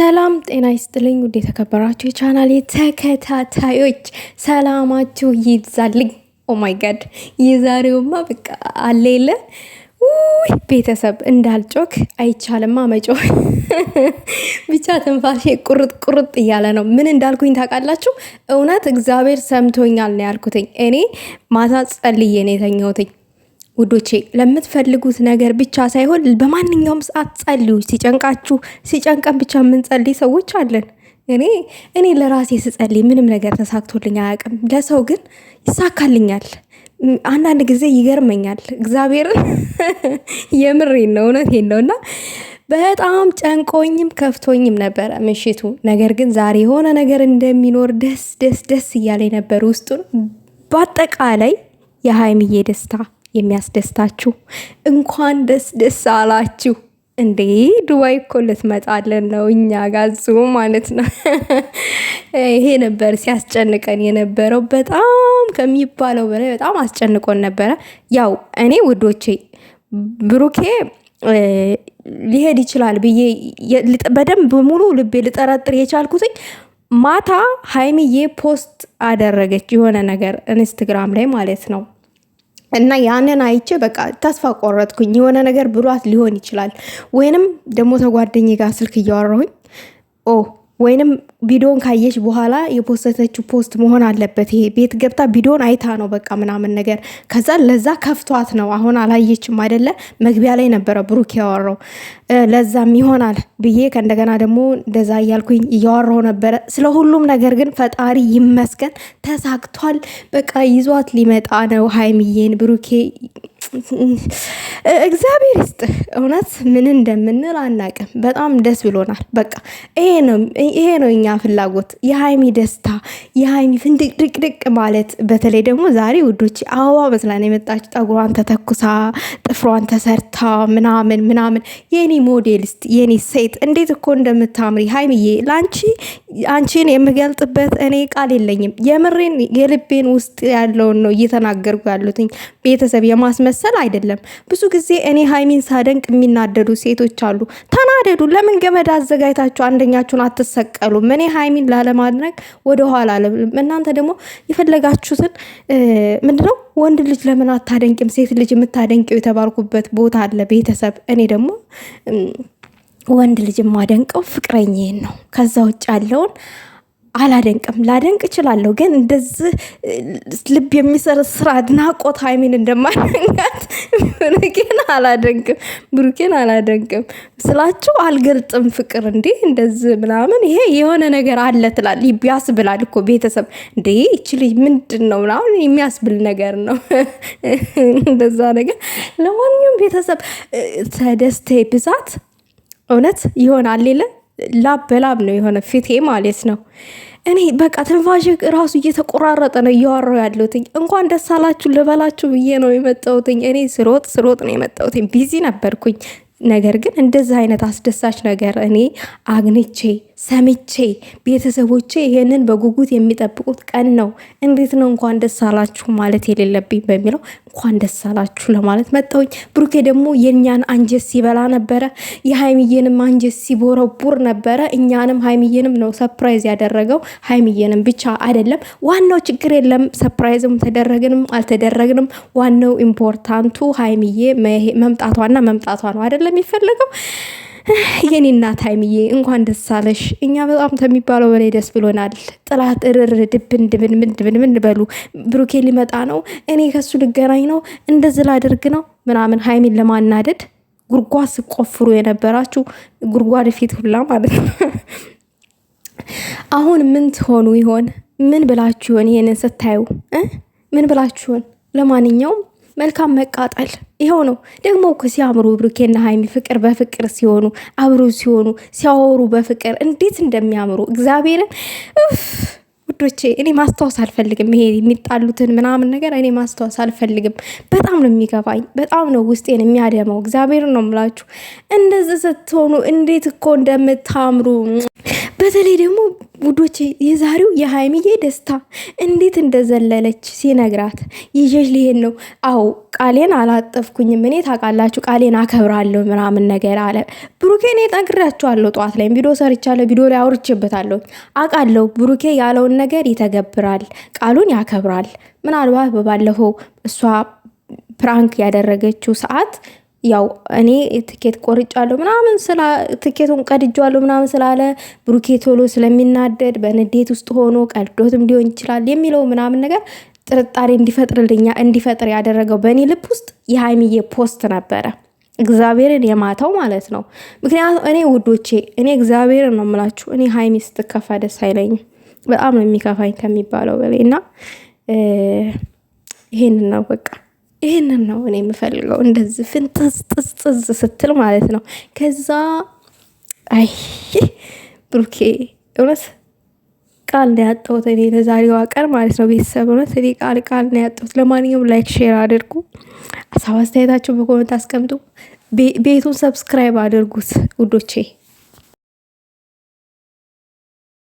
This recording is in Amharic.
ሰላም ጤና ይስጥልኝ። ውድ የተከበራችሁ የቻናል ተከታታዮች ሰላማችሁ ይብዛልኝ። ኦማይ oh ጋድ የዛሬውማ በቃ አለ ውይ ቤተሰብ እንዳልጮክ አይቻልማ መጮ ብቻ ትንፋሽ ቁርጥ ቁርጥ እያለ ነው። ምን እንዳልኩኝ ታውቃላችሁ? እውነት እግዚአብሔር ሰምቶኛል ነው ያልኩትኝ። እኔ ማታ ጸልዬ ነው የተኛሁትኝ። ውዶቼ ለምትፈልጉት ነገር ብቻ ሳይሆን በማንኛውም ሰዓት ጸልዩ። ሲጨንቃችሁ ሲጨንቀን ብቻ የምንጸልይ ሰዎች አለን። እኔ እኔ ለራሴ ስጸልይ ምንም ነገር ተሳክቶልኝ አያውቅም። ለሰው ግን ይሳካልኛል። አንዳንድ ጊዜ ይገርመኛል። እግዚአብሔርን የምሬን ነው፣ እውነቴን ነው እና በጣም ጨንቆኝም ከፍቶኝም ነበረ ምሽቱ። ነገር ግን ዛሬ የሆነ ነገር እንደሚኖር ደስ ደስ ደስ እያለ ነበር ውስጡን። በአጠቃላይ የሀይምዬ ደስታ የሚያስደስታችሁ እንኳን ደስ ደስ አላችሁ። እንዴ ዱባይ እኮ ልትመጣለን ነው እኛ ጋዙ ማለት ነው። ይሄ ነበር ሲያስጨንቀን የነበረው በጣም ከሚባለው በላይ በጣም አስጨንቆን ነበረ። ያው እኔ ውዶቼ ብሩኬ ሊሄድ ይችላል ብዬ በደንብ ሙሉ ልቤ ልጠረጥር የቻልኩትኝ ማታ ሀይሚዬ ፖስት አደረገች የሆነ ነገር ኢንስትግራም ላይ ማለት ነው። እና ያንን አይቼ በቃ ተስፋ ቆረጥኩኝ። የሆነ ነገር ብሏት ሊሆን ይችላል፣ ወይንም ደግሞ ተጓደኝ ጋር ስልክ እያወራሁኝ ኦ ወይንም ቪዲዮን ካየች በኋላ የፖስተተችው ፖስት መሆን አለበት። ይሄ ቤት ገብታ ቪዲዮን አይታ ነው በቃ ምናምን ነገር ከዛ ለዛ ከፍቷት ነው። አሁን አላየችም አይደለ? መግቢያ ላይ ነበረ ብሩክ ያወራው። ለዛም ይሆናል ብዬ ከእንደገና ደግሞ እንደዛ እያልኩኝ እያወራው ነበረ ስለ ሁሉም ነገር። ግን ፈጣሪ ይመስገን ተሳክቷል። በቃ ይዟት ሊመጣ ነው ሀይሚዬን ብሩኬ እግዚአብሔር ይስጥህ። እውነት ምን እንደምንል አናቅም። በጣም ደስ ብሎናል። በቃ ይሄ ነው እኛ ፍላጎት፣ የሀይሚ ደስታ፣ የሀይሚ ፍንድቅድቅድቅ ማለት። በተለይ ደግሞ ዛሬ ውዶች አበባ መስላን የመጣች፣ ጠጉሯን ተተኩሳ ጥፍሯን ተሰርታ ምናምን ምናምን። የኔ ሞዴሊስት የኔ ሴት እንዴት እኮ እንደምታምሪ ሀይሚዬ፣ ለአንቺ አንቺን የምገልጥበት እኔ ቃል የለኝም። የምሬን የልቤን ውስጥ ያለውን ነው እየተናገርኩ ያሉትኝ። ቤተሰብ የማስመሰል አይደለም ብዙ ጊዜ እኔ ሀይሚን ሳደንቅ የሚናደዱ ሴቶች አሉ። ተናደዱ። ለምን ገመድ አዘጋጅታችሁ አንደኛችሁን አትሰቀሉም? እኔ ሀይሚን ላለማድነቅ ወደኋላ አለብልም። እናንተ ደግሞ የፈለጋችሁትን ምንድነው ወንድ ልጅ ለምን አታደንቅም? ሴት ልጅ የምታደንቂው የተባልኩበት ቦታ አለ ቤተሰብ። እኔ ደግሞ ወንድ ልጅ የማደንቀው ፍቅረኝን ነው። ከዛ ውጭ ያለውን አላደንቅም። ላደንቅ እችላለሁ፣ ግን እንደዚህ ልብ የሚሰር ስራ አድናቆት ሀይሚን እንደማደንቃት ብሩኬን አላደንቅም። ብሩኬን አላደንቅም ስላችሁ አልገልጥም። ፍቅር እንዴ እንደዚህ ምናምን ይሄ የሆነ ነገር አለ ትላል ቢያስብላል እኮ ቤተሰብ እንዴ ይች ልጅ ምንድን ነው ምናምን የሚያስብል ነገር ነው እንደዛ ነገር። ለማንኛውም ቤተሰብ ተደስቴ ብዛት እውነት ይሆናል የለ ላብ በላብ ነው የሆነ ፊቴ ማለት ነው። እኔ በቃ ትንፋሽ ራሱ እየተቆራረጠ ነው እያወራሁ ያለሁትኝ። እንኳን ደስ አላችሁ ልበላችሁ ብዬ ነው የመጣሁትኝ። እኔ ስሮጥ ስሮጥ ነው የመጣሁትኝ። ቢዚ ነበርኩኝ። ነገር ግን እንደዚህ አይነት አስደሳች ነገር እኔ አግኝቼ ሰምቼ ቤተሰቦቼ ይሄንን በጉጉት የሚጠብቁት ቀን ነው። እንዴት ነው እንኳን ደስ አላችሁ ማለት የሌለብኝ በሚለው እንኳን ደስ አላችሁ ለማለት መጣሁኝ። ብሩኬ ደግሞ የእኛን አንጀት ሲበላ ነበረ፣ የሀይሚዬንም አንጀት ሲቦረቡር ነበረ። እኛንም ሀይሚዬንም ነው ሰፕራይዝ ያደረገው። ሀይሚዬንም ብቻ አይደለም። ዋናው ችግር የለም ሰፕራይዝም ተደረግንም አልተደረግንም። ዋናው ኢምፖርታንቱ ሀይሚዬ መምጣቷና መምጣቷ ነው አይደለም የሚፈለገው የኔ እናት ሀይሚዬ እንኳን ደስ አለሽ። እኛ በጣም ከሚባለው በላይ ደስ ብሎናል። ጥላት እርር ድብን ድብን ምን ድብን ምን በሉ ብሩኬ ሊመጣ ነው፣ እኔ ከሱ ልገናኝ ነው፣ እንደዚ ላደርግ ነው ምናምን ሀይሚን ለማናደድ ጉርጓ ስቆፍሩ የነበራችሁ ጉርጓድ ፊት ሁላ ማለት ነው። አሁን ምን ትሆኑ ይሆን? ምን ብላችሁ ይሆን? ይሄንን ስታዩ ምን ብላችሁን? ለማንኛውም መልካም መቃጠል ይኸው ነው። ደግሞ እኮ ሲያምሩ ብሩኬና ሀይሚ ፍቅር በፍቅር ሲሆኑ አብሩ ሲሆኑ ሲያወሩ በፍቅር እንዴት እንደሚያምሩ እግዚአብሔርን ውዶቼ፣ እኔ ማስታወስ አልፈልግም። ይሄ የሚጣሉትን ምናምን ነገር እኔ ማስታወስ አልፈልግም። በጣም ነው የሚገባኝ፣ በጣም ነው ውስጤን የሚያደማው። እግዚአብሔርን ነው የምላችሁ። እንደዚህ ስትሆኑ እንዴት እኮ እንደምታምሩ በተለይ ደግሞ ውዶቼ የዛሬው የሀይሚዬ ደስታ እንዴት እንደዘለለች ሲነግራት ይዤሽ ሊሄድ ነው። አዎ ቃሌን አላጠፍኩኝም፣ እኔ ታውቃላችሁ ቃሌን አከብራለሁ ምናምን ነገር አለ ብሩኬ። እኔ ጠግሬያችኋለሁ፣ ጠዋት ላይ ቪዲዮ ሰርቻለሁ፣ ቪዲዮ ላይ አውርቼበታለሁ። አውቃለሁ ብሩኬ ያለውን ነገር ይተገብራል፣ ቃሉን ያከብራል። ምናልባት በባለፈው እሷ ፕራንክ ያደረገችው ሰዓት ያው እኔ ትኬት ቆርጫለሁ ምናምን ስላ ትኬቱን ቀድጃለሁ ምናምን ስላለ ብሩኬ ቶሎ ስለሚናደድ በንዴት ውስጥ ሆኖ ቀልዶትም ሊሆን ይችላል የሚለው ምናምን ነገር ጥርጣሬ እንዲፈጥርልኛ እንዲፈጥር ያደረገው በእኔ ልብ ውስጥ የሀይሚዬ ፖስት ነበረ። እግዚአብሔርን የማተው ማለት ነው። ምክንያቱም እኔ ውዶቼ፣ እኔ እግዚአብሔርን ነው የምላችሁ፣ እኔ ሀይሚ ስትከፋ ደስ አይለኝም። በጣም ነው የሚከፋኝ ከሚባለው በላይ እና ይሄንን ነው በቃ ይህንን ነው እኔ የምፈልገው። እንደዚህ ፍንጥዝጥዝጥዝ ስትል ማለት ነው። ከዛ አይ ብሩኬ እውነት ቃል ነው ያጣሁት እኔ ለዛሬዋ ቀን ማለት ነው። ቤተሰብ እውነት እኔ ቃል ቃል ነው ያጣሁት። ለማንኛውም ላይክ፣ ሼር አድርጉ። ሀሳብ አስተያየታችሁ በኮመንት አስቀምጡ። ቤቱን ሰብስክራይብ አድርጉት ውዶቼ።